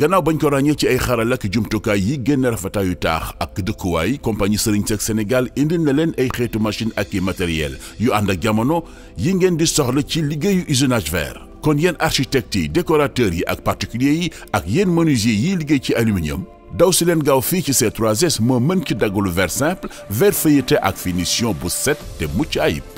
gannaaw bañ ko ràññee ci ay xaral ak jumtukaay yi génn rafetaayu taax ak dëkkuwaay compagnie Serigne Seck Sénégal indil na leen ay xeetu machine ak i matériel yu ànd ak jamono yi ngeen di soxla ci liggéeyu usinage vert. kon yéen architectes yi décorateurs yi ak particuliers yi ak yéen menuisier yiy liggéey ci aluminium daw si leen gaaw fii ci ces 3S moo mën ci daggalu verre simple verre feuilleté ak finition bu set te mucc ayib.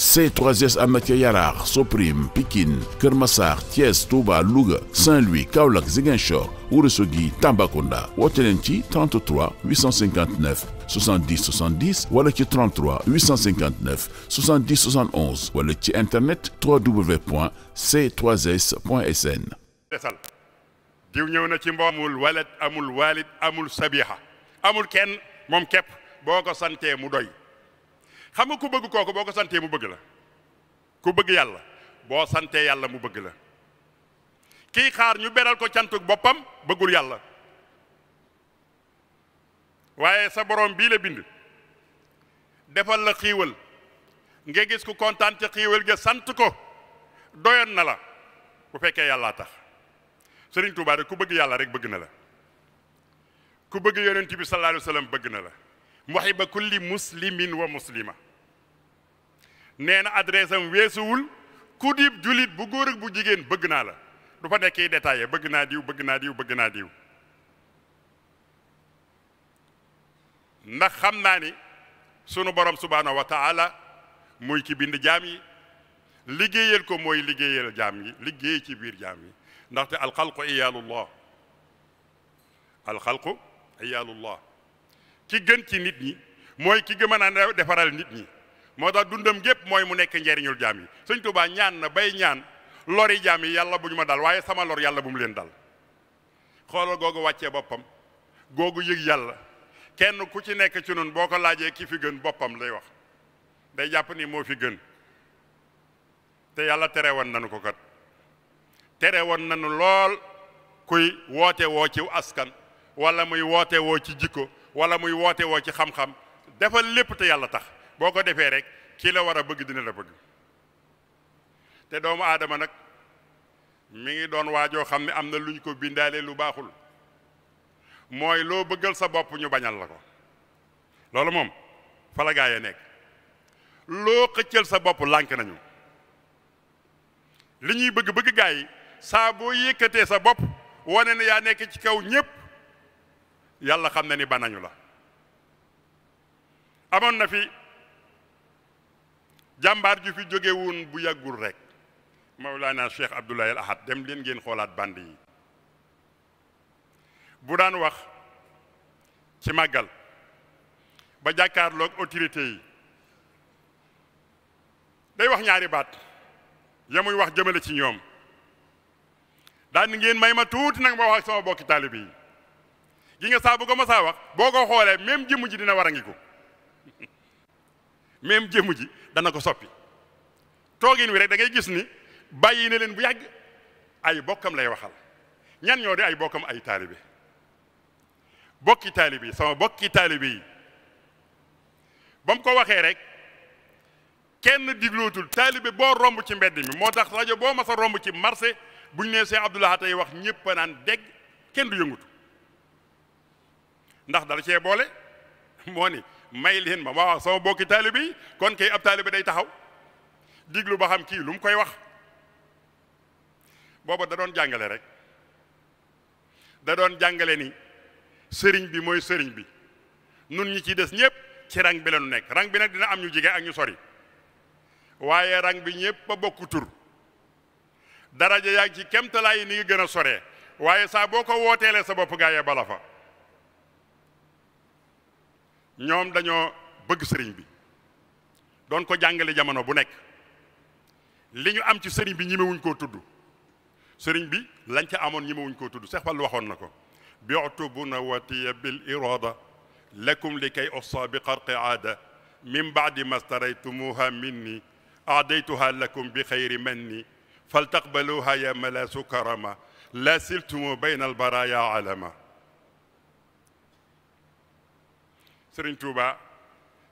C3S Amitié Yaraar Soprim Pikine Kër Massar Thiès Touba Louga Saint-Louis Kaolack Ziguinchor Ourossogui Tambacounda woote leen ci 33 859 70 70 wala ci 33 859 70 71 wala ci internet www.c3s.sn. diw ñëw na ci mboom amul walad amul walid amul sabiha amul kenn moom képp boo ko santee mu doy. xam nga ku bëgg kooku boo ko santee mu bëgg la ku bëgg yàlla boo santee yàlla mu bëgg la kii xaar ñu beral ko cantuk boppam bëggul yàlla waaye sa borom bii la bind defal la xiiwal nga gis ku kontaan ci xiiwal ga sant ko doyoon na la bu fekkee yàllaa tax Sëriñ Tuubaa de ku bëgg yàlla rek bëgg na la ku bëgg yonent bi sallallahu alayhi bëgg na la muhiba kulli muslimin wa muslima nee na adresse weesuwul ku dib julit bu góor bu jigéen bëgg naa la du fa nekkee détaillé bëgg naa diw bëgg naa diw bëgg naa diw ndax xam naa ni sunu borom subhaanahu wa taala muy ki bind jaam yi liggéeyal ko mooy liggéeyal jaam yi liggéey ci biir jaam yi ndaxte alxalqu iyaalullah alxalqu iyaalullah ki gën ci nit ñi mooy ki gëm a defaral nit ñi moo tax dundam gépp mooy mu nekk njariñul jaam yi sëñ Tuubaa ñaan na bay ñaan lori jaam yi yàlla bu ñu ma dal waaye sama lor yàlla bu mu leen dal xoolal googu wàccee boppam googu yëg yàlla kenn ku ci nekk ci nun boo ko laajee ki fi gën boppam lay wax day jàpp ni moo fi gën te yàlla tere woon nanu ko kat tere woon nanu lool kuy woote woo ci askan walla muy woote woo ci jikko wala muy woote woo ci xam-xam defal lépp te yàlla tax boo ko defee rek kii la war a bëgg dina la bëgg te doomu aadama nag mu ngi doon waajoo xam ne am na lu luñ ko bindaale lu baaxul mooy loo bëggal sa bopp ñu bañal la ko loolu moom fa la a nekk loo xëccal sa bopp lànk nañu li ñuy bëgg-bëgg gaay yi saa boo yëkkatee sa bopp wane na yaa nekk ci kaw ñépp yàlla xam na ni ba nañu la amoon na fi jàmbaar ju fi jóge bu yàggul rek Mawlana Cheikh Abdoulaye Al Ahad dem leen ngeen xoolaat band yi bu daan wax ci màggal ba jàkkaarloog autorité yi day wax ñaari baat ya wax jëmale ci ñoom daan ngeen may ma tuuti nag ma wax ak sama bokki taalibe yi gi nga saa bu ko masaa wax boo ko xoolee même jëmm ji dina war a ngi ko même jëmm ji dana ko soppi toogin wi rek da ngay gis ni bàyyi na leen bu yàgg ay bokkam lay waxal ñan ñoo di ay bokkam ay taalibe bokki taalibe yi sama bokki taalibe yi ba mu ko waxee rek kenn diglootul taalibe boo romb ci mbedd mi moo tax rajo boo mas a romb ci marché buñ nee Cheikh Abdoulaye tey wax ñëpp naan dégg kenn du yëngutu ndax dal cee boole moo ni may leen ma waaw sama bokki taalibe yi kon kay ab taalibe day taxaw diglu ba xam kii lu mu koy wax booba da doon jàngale rek da doon jàngale ni sëriñ bi mooy sëriñ bi nun ñi ci des ñëpp ci rang bi la nekk rang bi nag dina am ñu jege ak ñu sori waaye rang bi ñëpp a bokku tur daraja yaa ngi ci kemtalaay yi ni gën a soree waaye saa boo ko wooteelee sa bopp gaa bala fa ñoom dañoo bëgg sëriñ bi doon ko jàngale jamono bu nekk li ñu am ci sëriñ bi ñimewuñ koo tudd sëriñ bi lañ ci amoon ñimewuñ koo tudd Seex Fallu waxoon na ko bi'tubuna watiya bil irada lakum li kay ossa bi xarqi aada min baadi mastaraytumuha minni aadaytuha lakum bi xayri manni faltaqbaluha ya malasu karama la siltumu bayna albaraya alama sëriñ Touba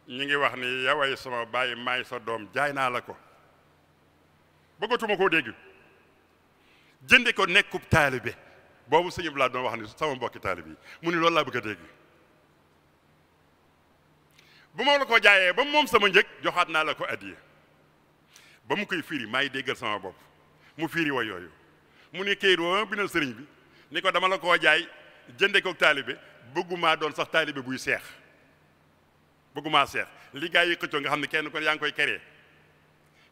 ñi ngi wax ni yaway sama bàyyi maay sa doom jaay naa la ko bëggatuma koo dégg jënde ko nekkub taalibe boobu sëñ bi laa doon wax ni sama mbokki taalibe yi mu ni loolu laa bëgg a dégg bu ma la ko jaayee ba moom sama njëg joxaat naa la ko addiya ba mu koy firi maa ngi déggal sama bopp mu firi wa mu ni kayit woo bindal sëriñ bi ni ko dama la ko jaay jënde ko taalibe bëggumaa doon sax taalibe buy seex bëgguma seex li yi xëccoo nga xam ne kenn ku ne yaa ngi koy keree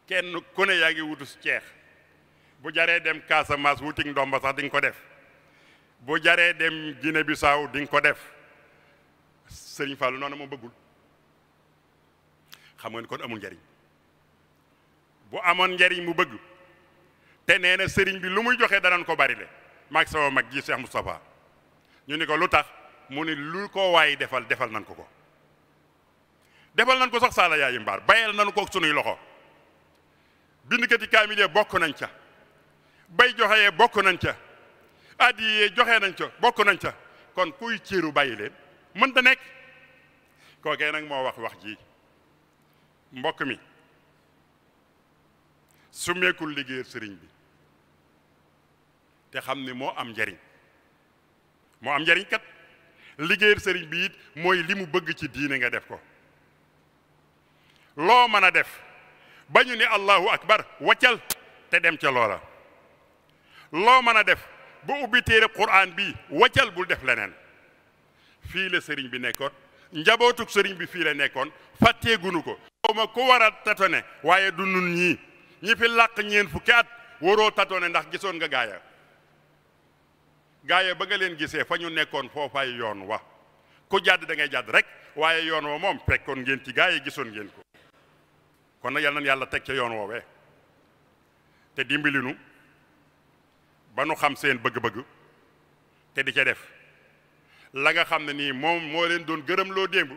kenn ku ne yaa ngi wutu ceex bu jaree dem Casamance wutik ndomba sax di ko def bu jaree dem Guinée Bissau di nga ko def Sëriñ Fallou noonu moo bëggul xam nga ni kon amul njariñ bu amoon njariñ mu bëgg te nee na sëriñ bi lu muy joxe danañ ko bari le maag sama mag ji Cheikh Moustapha ñu ni ko lu tax mu ni lu ko waay defal defal nan ko ko defal nañ ko sax saala yaayi mbaar bayal nañ ko sunuy loxo bindkati kaamil yee bokk nañ ca bay joxe yee bokk nañ ca addi yee joxe nañ ca bokk nañ ca kon kuy ciiru bàyyi leen mën da nekk kookee nag moo wax wax ji mbokk mi su meekul liggéey sëriñ bi te xam ni moo am njariñ moo am njariñ kat liggéey sëriñ bi it mooy li mu bëgg ci diine nga def ko loo mën a def ba ñu ne allahu akbar waccal te dem ca la loo mën a def bu ubbi téere quraan bi waccal bul def leneen fii la sëriñ bi nekkoon njabootuk sëriñ bi fii la nekkoon fàtteegunu ko xaw ma ko war a tatone waaye du ñi fi làq ñeen fukki at waroo tatone ndax gisoon nga gaaya gaaya ba nga leen gisee fa ñu nekkoon foofay yoon wa ku jàdd da ngay jàdd rek waaye yoon wa moom fekkoon ngeen ci gaaya gisoon ngeen ko kon nag yal yàlla teg ca yoon woowee te dimbali nu ba nu xam seen bëgg-bëgg te di ca def la nga xam ne nii moom moo leen doon gërëm loo démb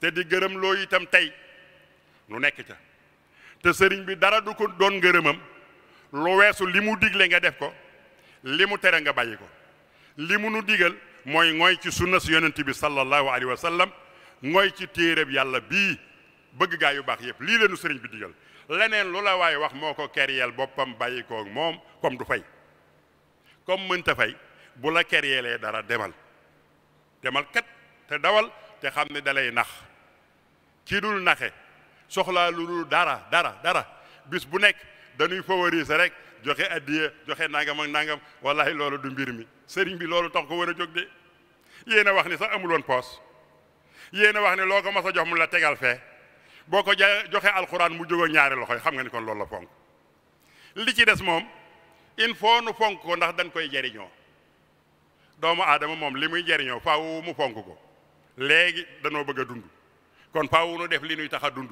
te di gërëm loo itam tey nu nekk ca te sëriñ bi dara du ko doon ngërëmam lu weesu li mu digle nga def ko li mu tere nga bàyyi ko li mu nu digal mooy ngooy ci sunna si yonent bi sallallahu alayhi wa sallam ngooy ci téereb yàlla bii bëgg gaa yu baax yëpp lii leenu sëriñ bi digal leneen lu la waaye wax moo ko keryeel boppam bàyyi ko moom comme du fay comme mënta fay bu la keryeelee dara demal demal kat te dawal te xam ne dalay nax ki dul naxe soxlaa lu dul dara dara dara bis bu nekk danuy favoriser rek joxe addiya joxe nangam ak nangam wallahi loolu du mbir mi sëriñ bi loolu tax ko war a jóg de yéen a wax ni sax amuloon poos yéen a wax ne loo ko mas a jox mu la tegal fee boo ko joxee alxuraan mu jóge ñaari loxo yi xam nga ni kon loolu la fonk li ci des moom il faut nu fonk ko ndax dañ koy jariñoo doomu aadama moom li muy jariñoo faaw mu fonk ko léegi danoo bëgg a dund kon faaw nu def li nuy tax a dund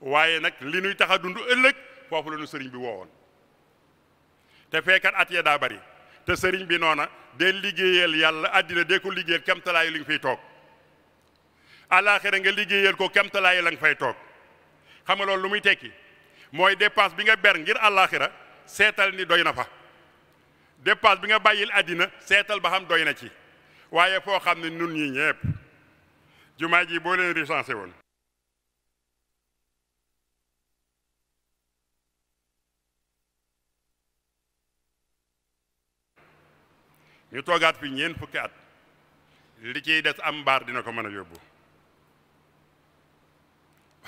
waaye nag li nuy tax a dund ëllëg foofu la nu sëriñ bi wowoon te feekat at ye daa bari te sëriñ bi noona de liggéeyal yàlla àddina de ko liggéeyal kam talaayu li nga fiy toog àllaaxira nga liggéeyal ko kemtalaay la nga fay toog xam nga loolu lu muy tekki mooy dépense bi nga ber ngir àllaaxira seetal ni doy na fa dépense bi nga bàyyil àddina seetal ba xam doy na ci waaye foo xam ne nun ñi ñépp jumaa ji boo leen recensé woon ñu toogaat fi ñeent fukki at li ciy des am mbaar dina ko mën a yóbbu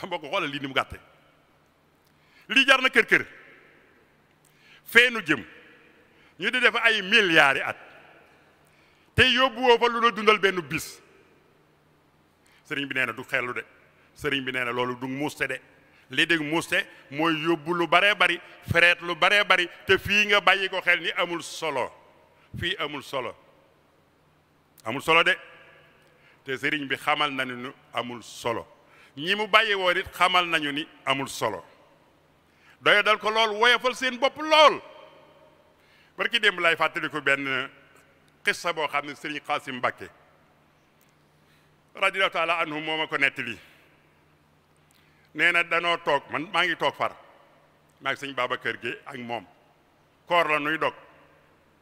xam ko xoolal lii ni mu gàtte lii jar na kër kër feenu jëm ñu di def ay milliards at te yóbbuwoo fa lu la dundal benn bis sëriñ bi nee na du xellu de sëriñ bi nee na loolu du muuste de li dégg muuste mooy yóbbu lu baree bari fereet lu baree bari te fii nga bàyyi ko xel ni amul solo fii amul solo amul solo de te sëriñ bi xamal na ni nu amul solo ñii mu bàyyi woon xamal nañu ni amul solo doyo dal ko lool woyofal seen bopp lool barki démb lay fàttaliku benn xissa boo xam ne sëriñ Xaasim Mbàkke radiyallahu taala anhu moo ma ko nettali nee na danoo toog man maa ngi toog far maa ngi sëñ kër Gueye ak moom koor la nuy dog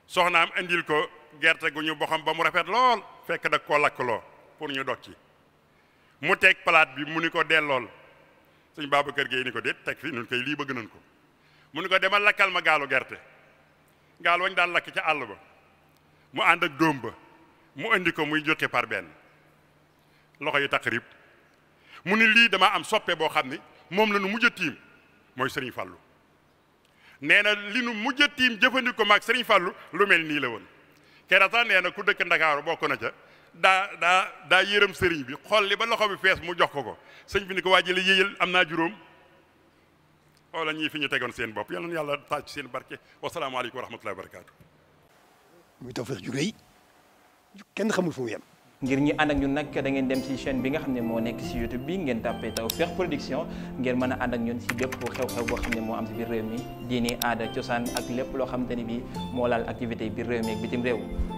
soxnaam indil ko gerte gu ñu boxam ba mu rafet lool fekk da ko lakk loo pour ñu dog ci mu teg palaat bi mu ni ko dellool sëñ kër Gueye ni ko déet teg fi nun koy lii bëgg nañ ko mu ni ko demal lakkal ma gaalu gerte gaal wañ daan lakk ca àll ba mu ànd ak dóom ba mu indi ko muy jote par benn loxo yi taqrib mu ni lii dama am soppe boo xam ni moom la nu mujj a tiim mooy sëriñ Fallu nee na li nu mujj a tiim jëfandikoo maag sëriñ Fallu lu mel nii la woon kerata nee na ku dëkk Ndakaaru bokk na ca daa daa daa yërëm sëriñ bi xool li ba loxo bi fees mu jox ko ko sëñ bi ni ko waa ji la am naa juróom xoola ñii fi ñu tegoon seen bopp yal na yàlla taaj seen barke wasalaamaaleykum wa rahmatullahi wa barakaatu. muy tawfeex ju rëy kenn xamul fu mu yem. ngir ñi ànd ak ñun nag da ngeen dem ci chaine bi nga xam ne moo nekk si youtube bi ngeen taw Tawfekh Production ngeen mën a ànd ak ñun si bépp xew-xew boo xam ne moo am si biir réew mi diini aada cosaan ak lépp loo xamante ni bi moo laal activité biir réew mi ak bitim réew.